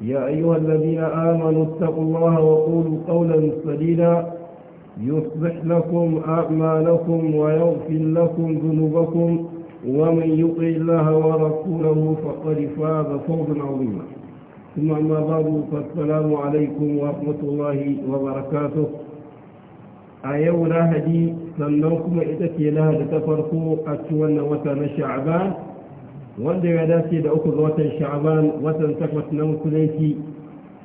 يا أيها الذين آمنوا اتقوا الله وقولوا قولا سديدا يصلح لكم أعمالكم ويغفر لكم ذنوبكم ومن يطع الله ورسوله فقد فاز فوزا عظيما ثم أما بعد فالسلام عليكم ورحمة الله وبركاته أيونا هدي سنوكم إتكي لها لتفرقوا أتونا وتنشعبان wanda ya dace da uku ga watan sha'aban watan takwas na musulunci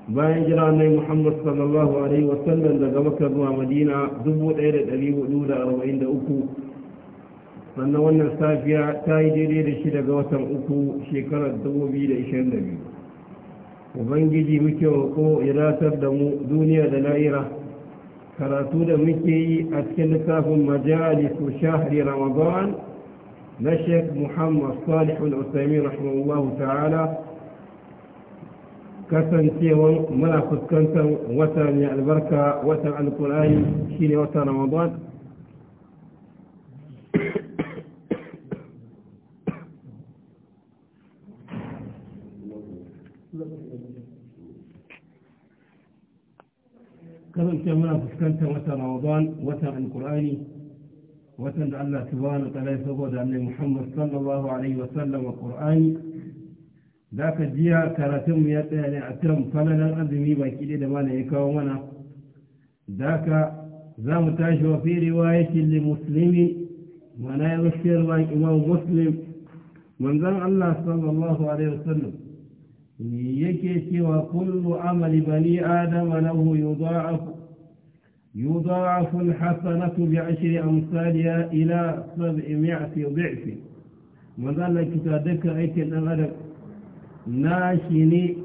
bayan jira nai muhammad sallallahu alaihi wa sallam daga makka zuwa madina 1443 sannan wannan safiya ta yi daidai da shi daga watan uku shekarar 2022 ubangiji muke roƙo ya ratar da mu duniya da la'ira karatu da muke yi a cikin littafin majalisu shahri ramadan مشيخ محمد صالح العثيمين رحمه الله تعالى كسن سيوان ملا خسكنت وطن البركة وطن القرآن شيني وطن رمضان كسن سيوان ملا خسكنت وطن رمضان وطن القرآن watan da Allah subhanahu ta'ala ya saboda annabi Muhammad sallallahu alaihi wa sallam Qur'ani da ka jiya karatun mu ya tsaya ne a kan falalan azumi baki da mana ya kawo mana da ka za mu tashi wa fi riwayatin li muslimi mana ya wasiyarwa imam muslim manzon Allah sallallahu alaihi wa sallam yake cewa kullu amali bani adama lahu yudha'afu يضاعف الحسنة بعشر أمثالها إلى سبعمائة ضعف مازال كتابك أيك الأمر ناشني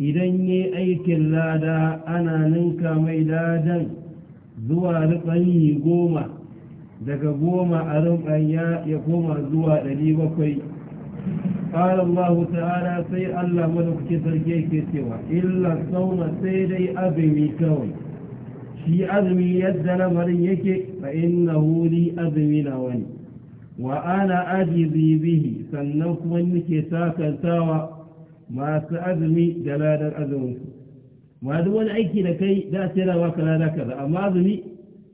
إليني أيك اللادا أنا ننكا ميلادا زوا رقني قومة دك قومة أرم أن يقوم زوا لدي وكي قال الله تعالى سي الله ملك تركيك سوى إلا الصوم سيدي أبي كوي shi azumi yadda lamarin yake fa innahu li azumi na wani wa ana ajizi bihi sannan kuma nake sakantawa masu azumi da ladar azumin ma duk wani aiki da kai da sai da baka lada kaza amma azumi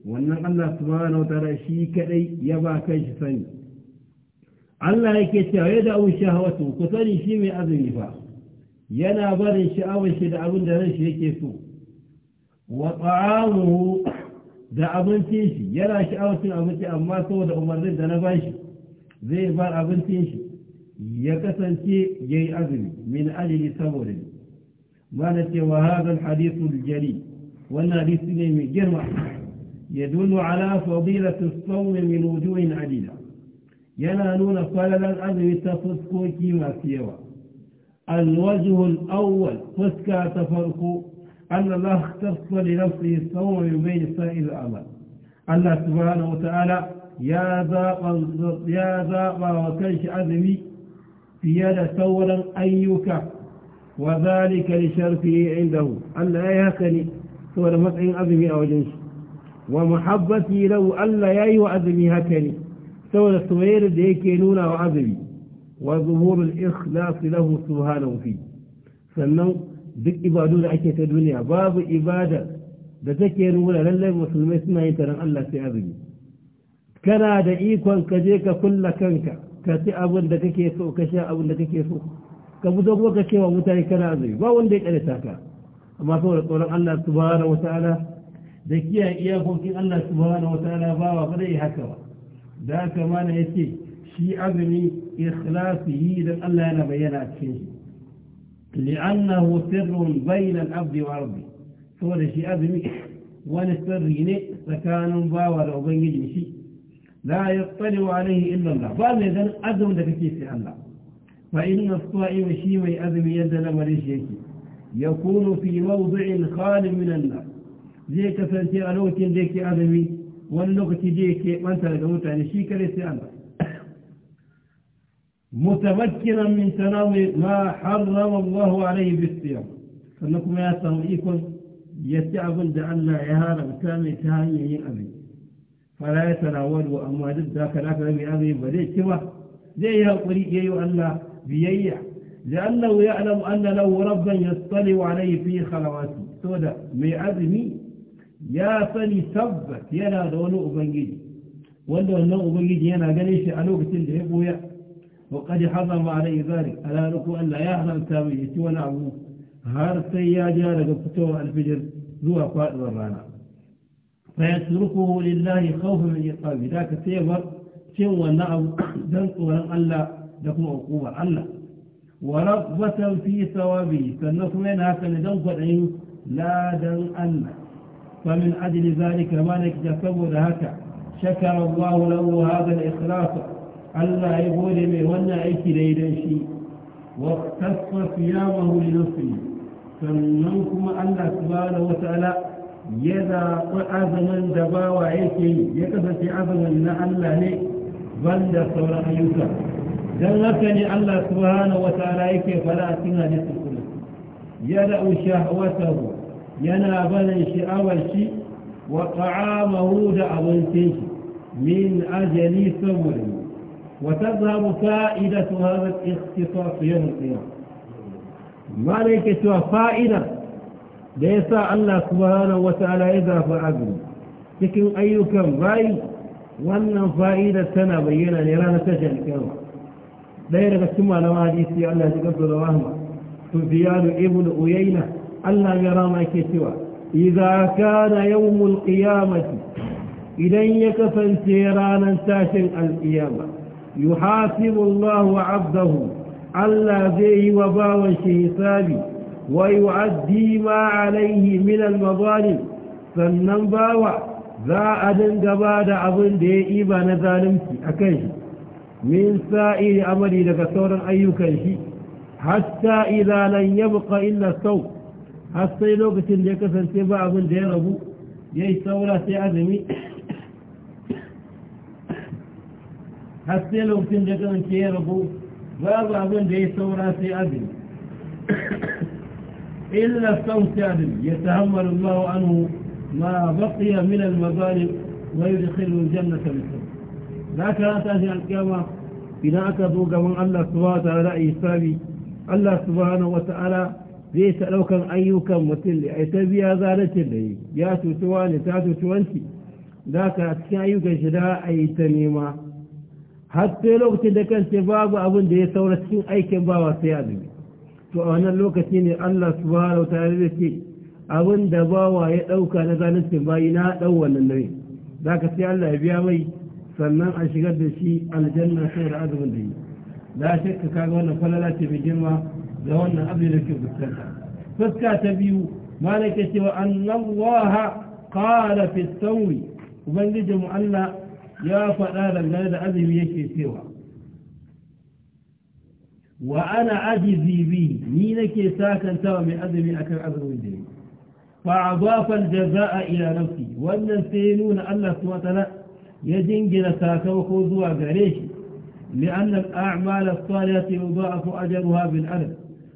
wannan Allah subhanahu wataala shi kadai ya ba kai shi sani Allah yake cewa ya da abun shahawatu ku sani shi mai azumi fa yana barin sha'awar shi da abin da ranshi yake so wa da abincin shi yana sha'awar cin abinci amma saboda umarnin da na shi, zai bar abincin shi ya kasance ya yi azumi min ajili saboda ne ma na ce wa hadal hadithu jari wannan hadisi ne mai girma ya dunu ala fadilatu sawmi min wujuhin adila yana nuna falalan azumi ta fuskoki masu yawa alwajhul awwal fuska ta farko أن الله اختص لنفسه الصوم يومين سائر الأعمال الله سبحانه وتعالى يا ذا يا ذا وكيش أذمي في هذا ثورا أيك وذلك لشرفه عنده ألا يهكني ثورا مسعين أذمي أو جنش ومحبتي له ألا يأيو وأذمي هكني ثورا سوير ديكينونا وأذمي وظهور الإخلاص له سبحانه فيه فالنوم duk ibadu da ake ta duniya babu ibada da take nuna lallai musulmai suna yin taron Allah sai azumi kana da ikon ka je ka kulla kanka ka ci abin da kake so ka sha abin da kake so ka buzo kuma ka cewa mutane kana azumi ba wanda ya da ka amma saboda tsoron Allah subhanahu wataala da kiyaye iyakokin Allah subhanahu wataala ba wa ba zai haka ba da haka mana yace shi azumi ikhlasi dan Allah yana bayyana a cikin shi لأنه سر بين العبد وربه سورة شيء أبني ونسر يني سكان باور وبين شيء لا يطلع عليه إلا الله بعد ذلك أدم لك في الله فإن الصائم شيء أدم يدل مريش يكي يكون في موضع خال من النار ذيك فانتي ألوت ذيك أدمي واللغة ذيك وانت لقوت عن شيء كريسي الله متمكنا من تناول ما حرم الله عليه بالصيام فانكم يا سهوئكم يتعبون لأن عهارا كامل تهاني أبي فلا يتناول اموال ضد ذاك الأكل من أبي بل سوى زي يا ايها الله بييع لأنه يعلم أن له ربا يطلع عليه في خلواته سودا مي عزمي يا سني ثبت لا دونه أبنجي وأنه أبنجي ايش قليش ألوك تلجهبه وقد حرم عليه ذلك ألا لك أن لا يحرم التاوية ونعبوه هار السياجة لقفته الفجر ذو أقوال ورانا فيتركه لله خوفا من إقابه ذاك السيفر سوى نعم ذنك ولن ألا لكم أقوبة ألا ورغبة في ثوابه فالنص منها فلدوك العين لا دن أن فمن أجل ذلك ما نكتسب ذهك شكر الله له هذا الإخلاص Allah ya gode mai wannan aiki daidan shi wa tasfa siyamahu li nafsihi sannan kuma Allah subhanahu wataala ya zaɓi azumin da bawa yake yi ya kasance azumin na Allah ne banda sauran ayyuka dan haka ne Allah subhanahu wataala yake fara a cikin hadisin kuma ya da'u shahwatahu yana barin sha'awar shi wa ta'amahu da abincin shi min ajali saboda وتذهب فائدة هذا الاختصاص يوم القيامة ما عليك سوى فائدة ليس الله سبحانه وتعالى إذا فعقل لكن أيكم رأي وأن فائدة سنة بينا لرانا تجعل كما دائرة ثم لو أحديثي الله تقبل رحمه سفيان ابن أيينة الله يرى ما كسوى إذا كان يوم القيامة إليك فانسيرانا تاشا القيامة يحاسب الله عبده ألا ذيه وباوى الشهساب ويؤدي ما عليه من المظالم فنن باوى ذا أدن قباد أظن ديئي بان ظالمتي أكيش من سائر أمري لك ثورا أيكيش حتى إذا لن يبقى إلا الثور حتى إذا لو كنت لك سنتبع أظن دي ربو يجي ثورة سيأذمي har sai lokacin da ganke ya rabu babu abin da ya saura sai azumi إلا صوت عدل يتهمل الله عنه ما بقي من المظالم ويدخله الجنة بالسلام ذاك لا تأتي القيامة إذا أكدوك من الله سبحانه وتعالى إيسابي الله سبحانه وتعالى zai ta ɗaukan ayyukan mutum da ai ta biya zalacin da yi ya tutuwa ne ta tutuwanci za ka cikin ayyukan shi da a yi ta nema har sai lokacin da kanta babu abin da ya saura cikin aikin bawa sai azumi to a wannan lokaci ne Allah subhanahu ta'ala zai ce abin da bawa ya dauka na zaluncin bayi na dau wannan nauyin zaka sai Allah ya biya mai sannan a shigar da shi aljanna sai da azumin da yi la shakka kaga wannan falala ce mai girma da wannan abin da ke fuskanta fuska ta biyu malaka cewa annallaha qala fi sawi ubangijinmu Allah ya faɗa dangane da azumi yake cewa wa ana ajizi bi ni nake sakanta wa mai azumi akan azumin da yake fa adafa jazaa ila nafsi wannan sai nuna Allah subhanahu wa ya jingina sakamako zuwa gare shi لأن الأعمال الصالحة يضاعف أجرها بالألف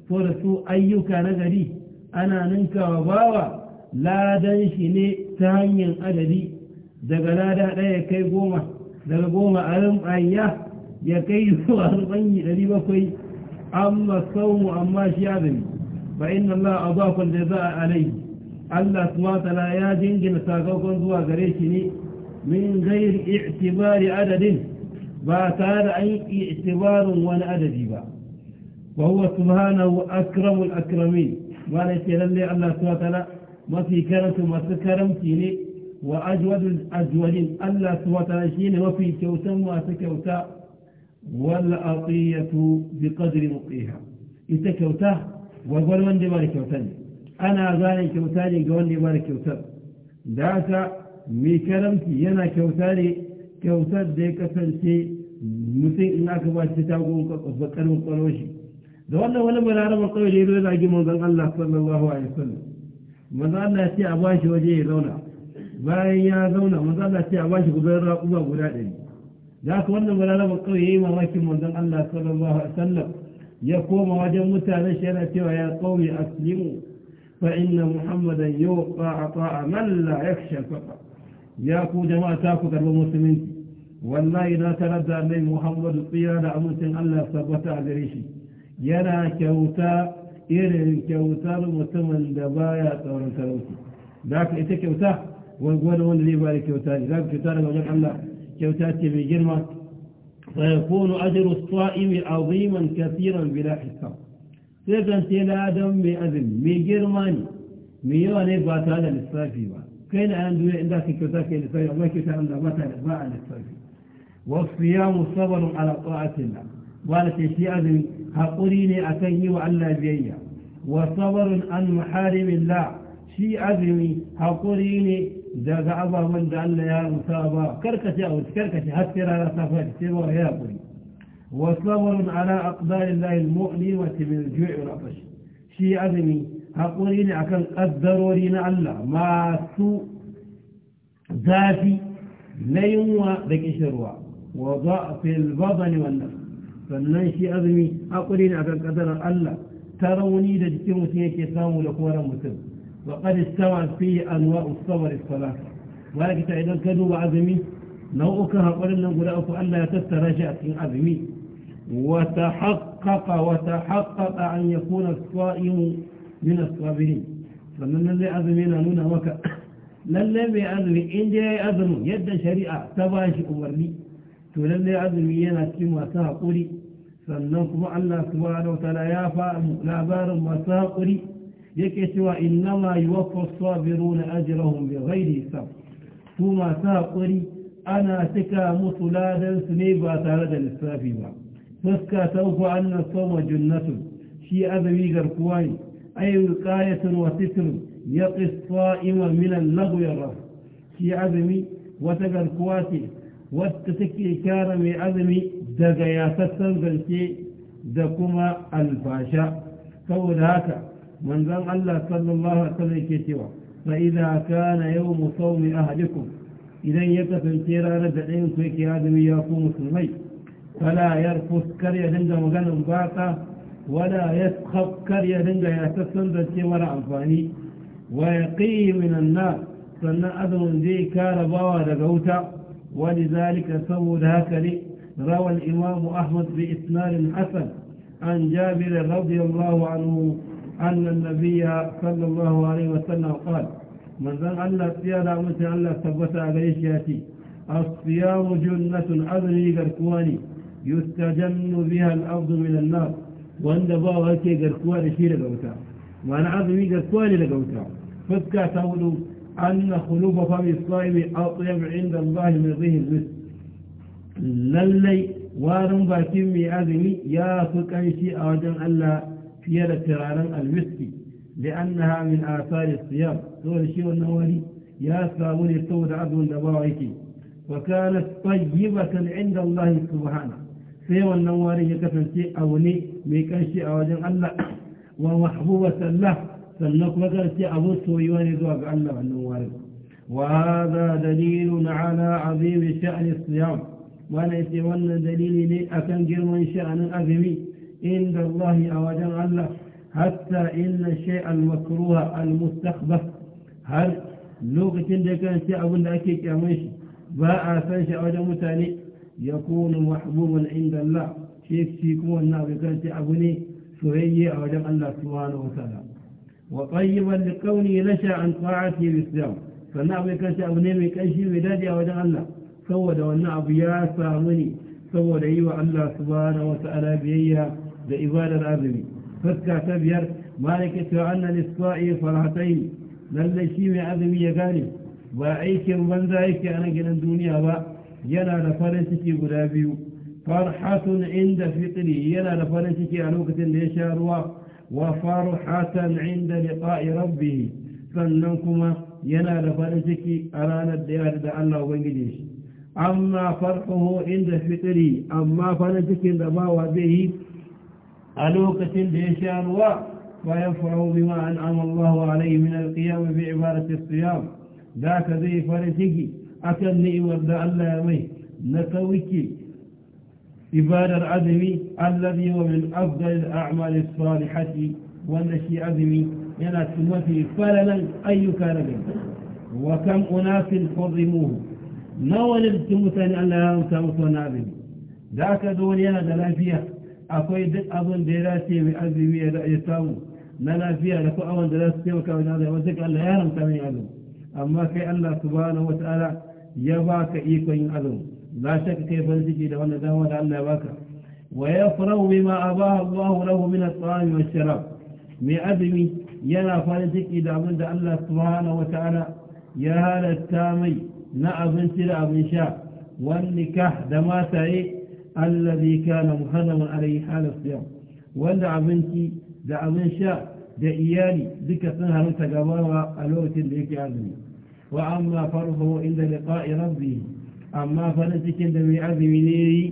فرسو أيك نجري أنا ننكى وباوى لا دنشني تهين أدري daga lada ɗaya ya kai goma daga goma a rumɓayya ya kai zuwa rumɓanyi ɗari bakwai amma saumu amma shi azumi ba inna Allah a bakon da za a alai Allah su matala ya jingina sakamakon zuwa gare shi ne min gairi i'tibari adadin ba tare da an yi i'tibarin wani adadi ba wa huwa subhanahu akramul akramin ma ne ke lalle Allah su matala mafi karanta masu karamci ne وأجود الأجودين ألا سوى تنشين وفي كوتا واتكوتا والأطية بقدر مقيها إتكوتا وقال من دبار كوتا أنا أغاني كوتا قول دبار كوتا داتا ميكرمت ينا كوتا كوتا ديكا سنسي مسيء إناك باشي تاوكو وفكر مطلوشي دو الله ولم يرارم القوي جيرو لأجي من الله صلى الله عليه وسلم من ذلك الله يسي أباشي وجيه لونه bayan ya zauna manzo Allah ce a bashi gudan raƙuma guda ɗari da haka wannan balaraba kawai ya yi mamakin manzon Allah sallallahu alaihi wasallam ya koma wajen mutanen shi yana cewa ya qawmi aslimu fa inna muhammadan yuqa ata'a man la yakhsha faqa ya ku jama'a ta ku karɓi musulunci wallahi na tarar da annabi muhammadu tsira da amincin Allah sabbata a gare shi yana kyauta irin kyautar mutumin da baya tsoron talauci da haka ita kyauta ونقول هون لي بالي كيوتان إذا كيوتان وجب جمعنا كيوتات في جرمة فيكون أجر الصائم عظيما كثيرا بلا حساب سيكون سيلا آدم بأذن بجرماني ميواني باتالا للصافي با كين عنده عندك إيه؟ كيوتات كي للصافي الله كيوتان عنده باتالا باع للصافي والصيام صبر على طاعة الله وقالت شيء أذن هقوليني أكيه وعلا بيئة وصبر عن محارم الله شي عزمي هاقوليني دا أبا من دا الله يا مصابا كركتي أو كركتي هتكر على صفات سيبو يا أبوي وصبر على أقدار الله المؤلمة من الجوع والعطش شي عزمي هاقوليني أكل الضرورين الله ما سوء ذاتي لا ينوى ذك إشروع وضعف البطن والنفس فننشي أذمي أقولين أكل قدر الله تروني دجتين وسيكي سامو لكورا مسلم وقد استوى فيه أنواع الصور الصلاة ولكن تعيدا كدو عظمي نوعكها اكره لهم قول لهم أن لا تسترجع في عظمي وتحقق وتحقق أن يكون الصائم من الصابرين فمن الذي أظمنا نونا وكا للذي أظمي إن جاي أظم يد شريعة تباش أمرني تللي أظمي ينسلم وساقري فلنكم أن الله سبحانه وتعالى يا فاهم لا بار وساقري yake cewa innama yuwaffa sabiruna ajrahum bighayri hisab su masu haƙuri ana cika musu ladan su ne ba tare da lissafi ba fuska ta uku annas sawma junnatun shi azumi garkuwa ne ay wiqayatun wa sitrun yaqis sa'iman min al-lagwi ar shi azumi wata garkuwa ce wadda take kyara mai azumi daga yasassan zance da kuma alfasha saboda haka من ذن الله صلى الله عليه وسلم كتوى فإذا كان يوم صوم أهلكم إذا يتفن تيرانا ردعين فيك هذا وياكم مسلمين فلا يرفض كريا دنجا مغانا مباطا ولا يسخف كريا دنجا يتسند ولا أنفاني ويقي من النار سنة أذن ذي كان بوا دقوتا ولذلك سووا ذاك لي روى الإمام أحمد بإثنان حسن عن جابر رضي الله عنه أن النبي صلى الله عليه وسلم قال من ذن الله سيانا مثل الله ثبت عليه شياتي الصيام جنة أذني قركواني يستجن بها الأرض من النار وأن باغا هكي قركواني شي لقوتا وأنا عظمي قركواني لقوتا فذكا تقول أن خلوب فم الصائم أطيب عند الله من ظهر المسك للي وارم باكمي أذني يا فكنشي أوجن ألا فيلا da turaren لأنها من آثار الصيام سؤال الشيء والنوالي يا سامون يستود عدو دباويك وكانت طيبة عند الله سبحانه سي والنوالي يكفن شيء أو ني ميكان شيء أو أوجه الله ومحبوبة الله سنك وكان شيء أبو سويوان يدوك الله والنوالي وهذا دليل على عظيم شأن الصيام وانا يتوانا دليل لي أكن جرمان شأن الأذمي عند الله أوجل الله حتى إن الشيء المكروه المستخبث هل لغة كان شيء أبو الأكيك يا ميش باع فنش أوجل متاني يكون محبوبا عند الله شيك شيكو النار كان شيء أبوني سهي أوجل الله سبحانه وتعالى وطيبا لكوني نشا عن طاعته بالسلام فنعم كان شيء أبوني من كان شيء بلادي أوجل الله سود والنعم يا سامني سود أيها الله سبحانه وتعالى بيها da ibadar azumi fuska ta biyar maliki to anna lisqa'i farhatayn lalle shi mai azumi ya gane ba aikin banza yake a nan gidan duniya ba yana da farin ciki guda biyu farhatun inda fitri yana da farin ciki a lokacin da ya sha ruwa wa farhatan inda liqa'i rabbih sannan kuma yana da farin ciki a ranar da ya da Allah ubangiji shi amma farhuhu inda fitri amma farin cikin da bawa zai yi ألوكة lokacin da بما أنعم الله عليه من القيام بعبارة الصيام ذاك ذي فرسك أكلني ورد الله يمي نتوك عبادة العزم الذي هو من أفضل الأعمال الصالحة والنشي عدمي ينتم في فللا أي كارب وكم أناس حرموه نوال التمتن أن لا ينتمتن عزمي ذاك دولينا دلافيه akwai duk abin da ya dace mai azumi ya samu na lafiya da ko awon da za su taimaka wa azumi wasu duka Allah ya haramta min azumi amma kai Allah subhanahu wa ta'ala ya baka ikon yin azumi la shakka kai farin ciki da wannan dama da Allah ya baka wa yafrahu bima abaha Allah lahu min at-ta'ami wash-sharab mai azumi yana farin ciki da abin da Allah subhanahu wa ta'ala ya halatta mai na abinci da abin sha wani nikah da mataye الذي كان محرما عليه حال الصيام وان دعوتي دعوين شاء دعياني ذكى سنهر تقبار ألوت ليك عزمي وأما فرضه عند لقاء ربي أما فرنسك دمي عزمي نيري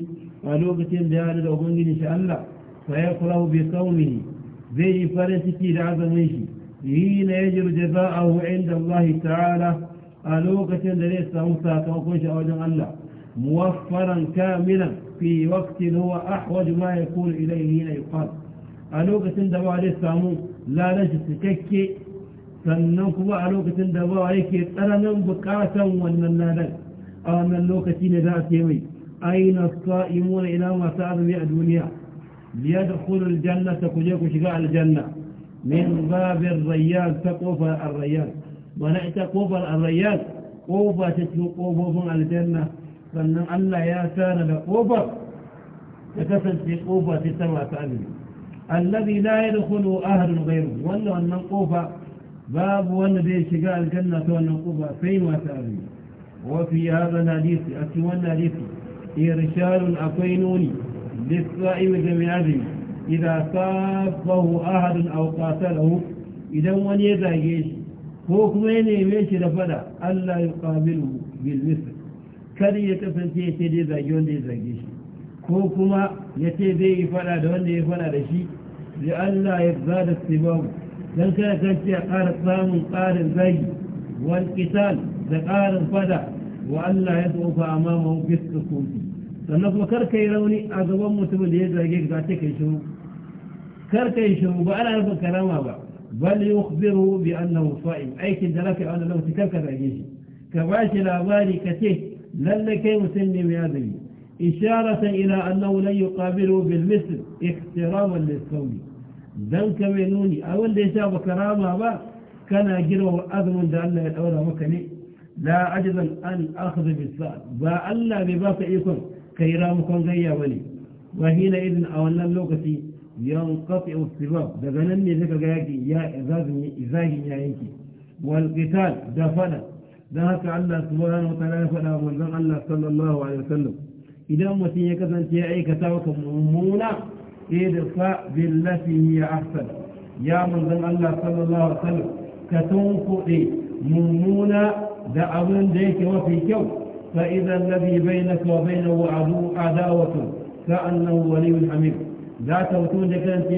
ألوت ديار الأبنج إن شاء الله فيقرأ بصومه زي فرنسك لعزميه حين يجر جزاءه عند الله تعالى ألوت ليس أمسا توقف إن شاء الله موفرا كاملا في وقت هو أحوج ما يكون إليه هنا يقال ألوك تندبوا عليه سامو لا نجس ككي سننكوا ألوك تندبوا عليك أنا بكاتا وننانا أنا اللوك تندبوا سيوي أين الصائمون إلى ما سألوا يا دنيا ليدخل الجنة كجيك شقاء الجنة من باب الريال تقوف الريال ونأتى قوف الريال قوفة تتلقوفهم الجنة sannan Allah ya tana da ƙofar ta kasance ƙofa ce ta masu azumi allazi la yadkhulu ahadun ghayru wannan wannan ƙofa babu wanda zai shiga aljanna ta wannan ƙofa sai masu azumi wa fi hadha alhadith a cikin wannan hadisi irshadun akwai nuni idan aw qatalahu idan wani ya zage shi ko kuma ya neme shi da fada Allah ya qabilu bil بالمثل kada ya kasance ya ce dai zage wanda ya zage shi ko kuma ya ce zai yi fada da wanda ya fada da shi da Allah ya za da sibabu don kada kan ce a ƙara samun ƙarin zagi wal kisan da ƙarin fada wa Allah ya tsofa a mamahu fiska kofi sannan kuma kar ka yi rauni a gaban mutumin da ya zage ka ce kai shiru kar ka yi shiru ba ana nufin karama ba bal yukhbiru bi annahu sa'im aikin da naka wannan lokaci kar ka zage shi ka ba shi labari ka ce لن يسلم مسلم بهذه إشارة إلى أنه لن يقابله بالمثل احتراما للكون دان أو أول ليس بكرامة با كان جره أذن دا الله الأولى مكني لا عجزا أن أخذ بالسؤال وألا بباطئكم بباك إيكم كيرامكم غيا ولي وهنا إذن أولا لوقتي ينقطع السباب دغنني ذكر قياكي يا إذاهي يا ينكي والقتال دفنا ذاك الله سبحانه وتعالى فلا أقول ذاك الله صلى الله عليه وسلم إذا أمتني كذا أنت أي أيك توك مؤمنة إرفع بالتي هي أحسن يا من ذاك الله صلى الله عليه وسلم كتوم كتوك مؤمنة دعوا ديك وفي كو فإذا الذي بينك وبينه عدو عداوة كأنه ولي حميد لا توتون ذاك أنت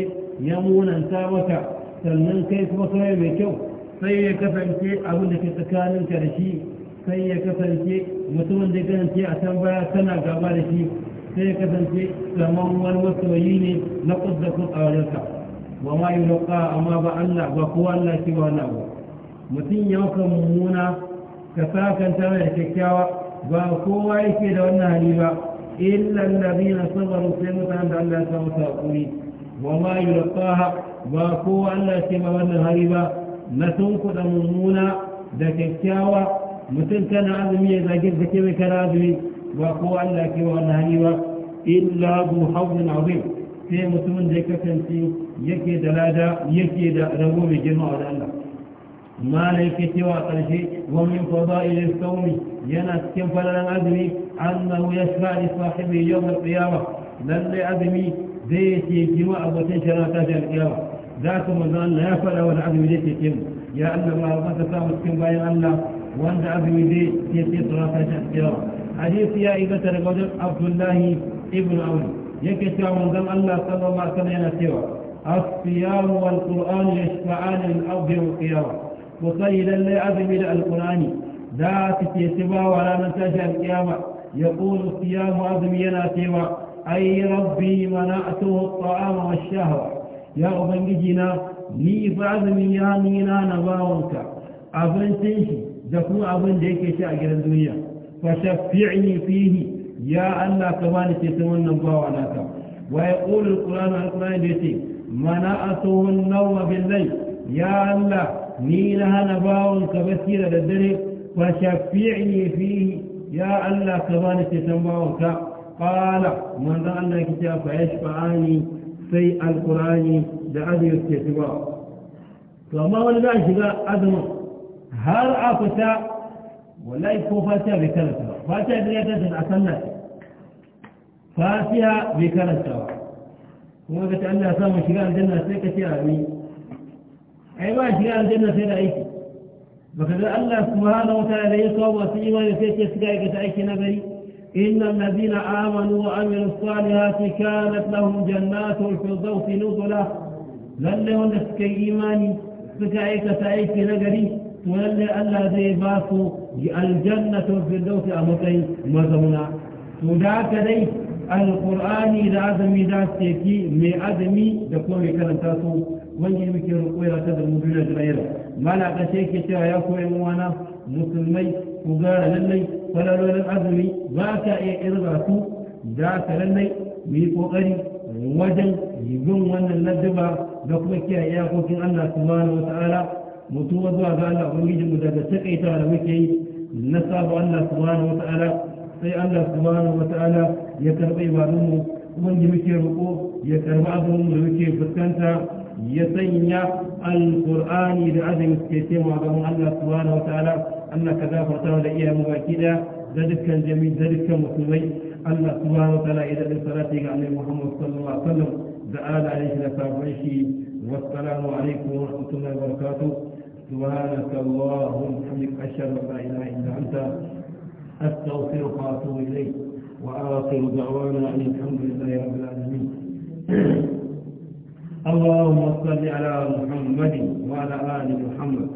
يمون أنت وكا سلمان كيف وصايم كو sai ya kasance abin da ke tsakanin ka da shi sai ya kasance mutumin da kasance a can baya tana gaba da shi sai ya kasance kamar wani masoyi ne na kuddakun a wajensa ba ma yi roƙa amma ba Allah ba kowa Allah ke ba wani abu mutum ya maka mummuna ka sakanta mai da kyakkyawa ba kowa yake da wannan hali ba illan ladina sabaru sai mutane da Allah ya samu saƙuri Ba ma roƙa ba kowa Allah ke ma wannan hali ba na tunkuɗa mummuna da kyakkyawa mutum tana azumi ya zage zake mai kara azumi ba ko Allah ke wa wannan hali ba illa bu hawlin azim sai mutumin da ya kasance yake da lada yake da rabo mai girma wa Allah mala yake cewa ƙarshe wa min fada'il sawmi yana cikin falalan azumi annahu yashfa li sahibi yawm al-qiyamah lalle azumi zai ce kima abokin shara ta al-qiyamah ذاتهم وزان لا يفعل أولا عبد مدي تيكيم يا أنه ما أبقى تسامس كم بايا أنا وانت عبد مدي تيكيم صراحة شخصية حديث يا إبا ترقود عبد الله ابن أول يكي سوى من الله صلى الله عليه وسلم سوى الصيام والقرآن يشفعان من للأرض القيامه وصيدا لا أذب إلى القرآن ذات تيسبا ولا نتاج القيامة يقول الصيام أذب ينا سوى أي ربي منعته الطعام والشهوة ya ubangiji na ni azumi ya nina na bawanka abincin shi da kuma abin da yake shi a gidan duniya fa shafi'ni fihi ya Allah ka bani ceton wannan bawa naka wa yaqulu alquran alquran da yace mana asuhu nawma bil layl ya Allah ni na hana bawon ka basira da dare fa shafi'ni fihi ya Allah ka bani ceton bawanka qala manzo Allah yake cewa fa yashfa'ani sai alkurani da adiyar ke shiga to amma wani za a shiga azumin har a fita wallahi ko fatiha bai karanta ba fatiha da ya karanta a sallah fatiha bai karanta ba kuma ka ce Allah ya samu shiga aljanna sai ka ce amin ai ba shiga aljanna sai da aiki baka ga Allah subhanahu wa ta'ala ya saba su imani sai ce shiga aikata aiki na gari إن الذين آمنوا وعملوا الصالحات كانت لهم جنات الفضوط نظلة لأنه نسك إيمان فكأيك سأيك نقري ولأن الذي باكوا الجنة الفضوط أمتين مزونا وذاك دي القرآن إذا عزم ذات تكي مي أدمي دقوم كلم تاسو من يمك رقويلة تدر مدينة جريرة ما لا تشيك تهيكو إموانا مسلمي وقال للي falalolin azumi ba ka iya irga su za ka lallai mu yi kokari wajen yin wannan ladduba da kuma kiyaye iyakokin Allah subhanahu wa ta'ala mutum zuwa ga Allah ubangiji mu daga takaita da muke yi na sabo Allah subhanahu wa ta'ala sai Allah subhanahu wa ta'ala ya karɓi ibadun mu ubangiji muke roƙo ya karɓi abin da muke fuskanta ya sanya alqur'ani da azumi suke taimaka gaban Allah subhanahu wa ta'ala أن كذا فرتوا لي إلى مواكدة ذلك الجميل ذلك مسلمي أن سبحانه وتعالى إذا بصلاتك عن محمد صلى الله عليه وسلم زآل عليه لفاقعيش والسلام عليكم ورحمة الله وبركاته سبحانك اللهم حمدك أشهد أن لا إله إلا أنت أستغفر وأتوب إليك وآخر دعوانا أن الحمد لله يا رب العالمين اللهم صل على محمد وعلى آل محمد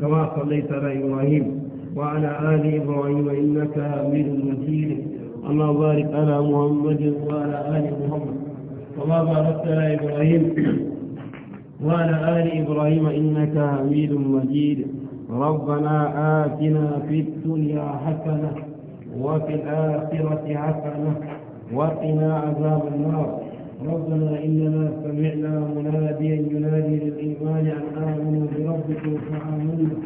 كما صليت على إبراهيم وعلى آل إبراهيم إنك حميد مجيد الله بارك على محمد وعلى آل محمد وما باركت على إبراهيم وعلى آل إبراهيم إنك حميد مجيد ربنا آتنا في الدنيا حسنة وفي الآخرة حسنة وقنا عذاب النار ربنا إننا سمعنا مناديا ينادي للإيمان أن آمنوا بربكم فآمنوا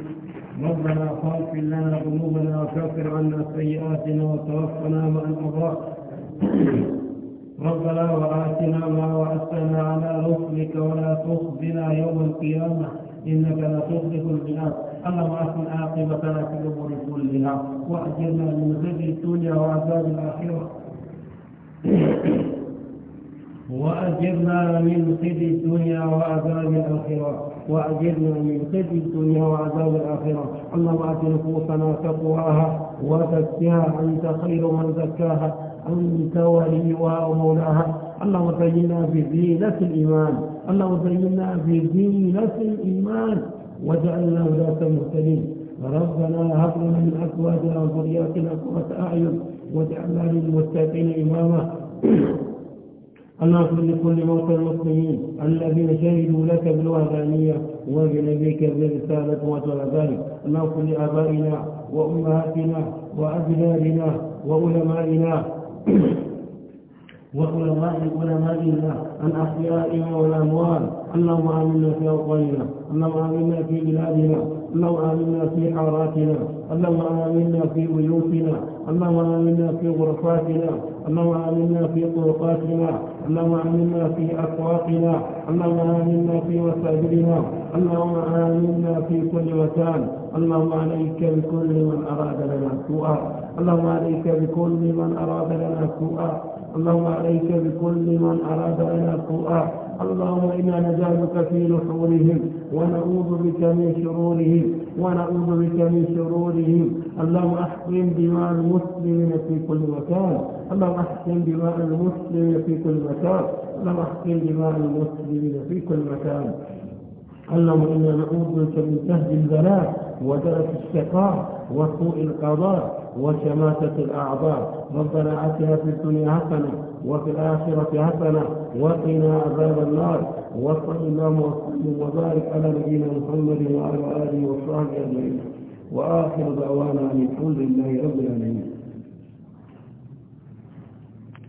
ربنا خافر لنا ذنوبنا وكفر عنا سيئاتنا وتوفنا مع الأبرار ربنا وآتنا ما وعدتنا على رسلك ولا تخزنا يوم القيامة إنك لا تخلف المئات اللهم أحسن عاقبتنا في الأمور كلها وأجرنا من خزي الدنيا وعذاب الآخرة وأجرنا من خزي الدنيا وعذاب الآخرة وأجرنا من خزي الدنيا وعذاب الآخرة اللهم آت نفوسنا تقواها وزكاها أنت خير من زكاها أنت وليها ومولاها اللهم زينا بزينة الإيمان اللهم زينا بزينة الإيمان واجعلنا ولاة مهتدين ربنا هب لنا من أزواجنا وذرياتنا قرة أعين واجعلنا للمتقين إماما اللهم لكل موتى المسلمين الذين شهدوا لك بالوهدانية وبنبيك برسالة ذلك اللهم لآبائنا وأمهاتنا وأجدادنا وعلمائنا وعلماء علمائنا الأحياء والأموال اللهم آمنا في أوطاننا اللهم آمنا في بلادنا اللهم آمنا في حاراتنا اللهم آمنا في بيوتنا اللهم آمنا في غرفاتنا اللهم آمنا في طرقاتنا اللهم آمنا في أسواقنا اللهم آمنا في مساجدنا اللهم آمنا في كل مكان اللهم عليك بكل من أراد لنا سوءا اللهم عليك بكل من أراد لنا سوءا اللهم عليك بكل من أراد لنا سوءا اللهم إنا نجعلك في نحورهم ونعوذ بك من شرورهم ونعوذ بك من شرورهم اللهم أحقن دماء المسلمين في كل مكان اللهم أحقن دماء المسلمين في كل مكان اللهم أحقن دماء المسلمين في كل مكان اللهم إنا نعوذ بك من سهل البلاء ودرك الشقاء وسوء القضاء وشماتة الأعضاء ربنا آتنا في الدنيا حسنة وفي الآخرة حسنة وقنا عذاب النار وصل اللهم وسلم وبارك على نبينا محمد وعلى آله وصحبه أجمعين وآخر دعوانا أن الحمد لله رب العالمين